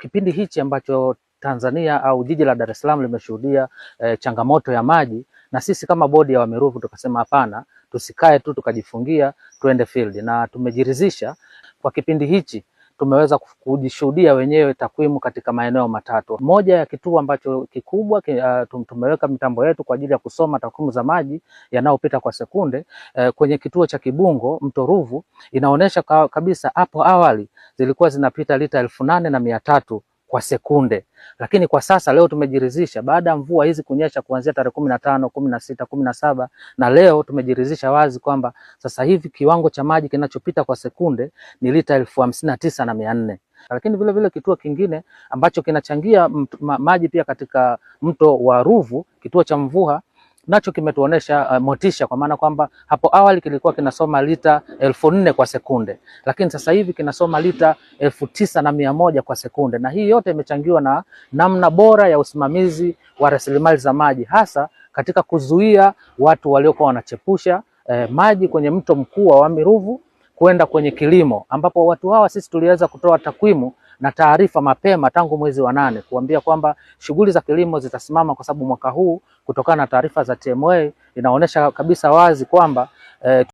Kipindi hichi ambacho Tanzania au jiji la Dar es Salaam limeshuhudia e, changamoto ya maji, na sisi kama bodi ya wamerufu tukasema hapana, tusikae tu tukajifungia, tuende field, na tumejiridhisha kwa kipindi hichi tumeweza kujishuhudia wenyewe takwimu katika maeneo matatu. Moja ya kituo ambacho kikubwa ah, tumeweka mitambo yetu kwa ajili ya kusoma takwimu za maji yanayopita kwa sekunde uh, kwenye kituo cha Kibungo mto Ruvu inaonyesha kabisa hapo awali zilikuwa zinapita lita elfu nane na mia tatu kwa sekunde. Lakini kwa sasa leo tumejiridhisha baada ya mvua hizi kunyesha kuanzia tarehe kumi na tano kumi na sita kumi na saba na leo tumejiridhisha wazi kwamba sasa hivi kiwango cha maji kinachopita kwa sekunde ni lita elfu hamsini na tisa na mia nne lakini vile vile kituo kingine ambacho kinachangia maji pia katika mto wa Ruvu, kituo cha Mvuha nacho kimetuonesha uh, motisha kwa maana kwamba hapo awali kilikuwa kinasoma lita elfu nne kwa sekunde, lakini sasa hivi kinasoma lita elfu tisa na mia moja kwa sekunde, na hii yote imechangiwa na namna bora ya usimamizi wa rasilimali za maji, hasa katika kuzuia watu waliokuwa wanachepusha eh, maji kwenye mto mkuu wa Wami Ruvu kwenda kwenye kilimo, ambapo watu hawa sisi tuliweza kutoa takwimu na taarifa mapema tangu mwezi wa nane kuambia kwamba shughuli za kilimo zitasimama kwa sababu mwaka huu kutokana na taarifa za TMA inaonyesha kabisa wazi kwamba eh,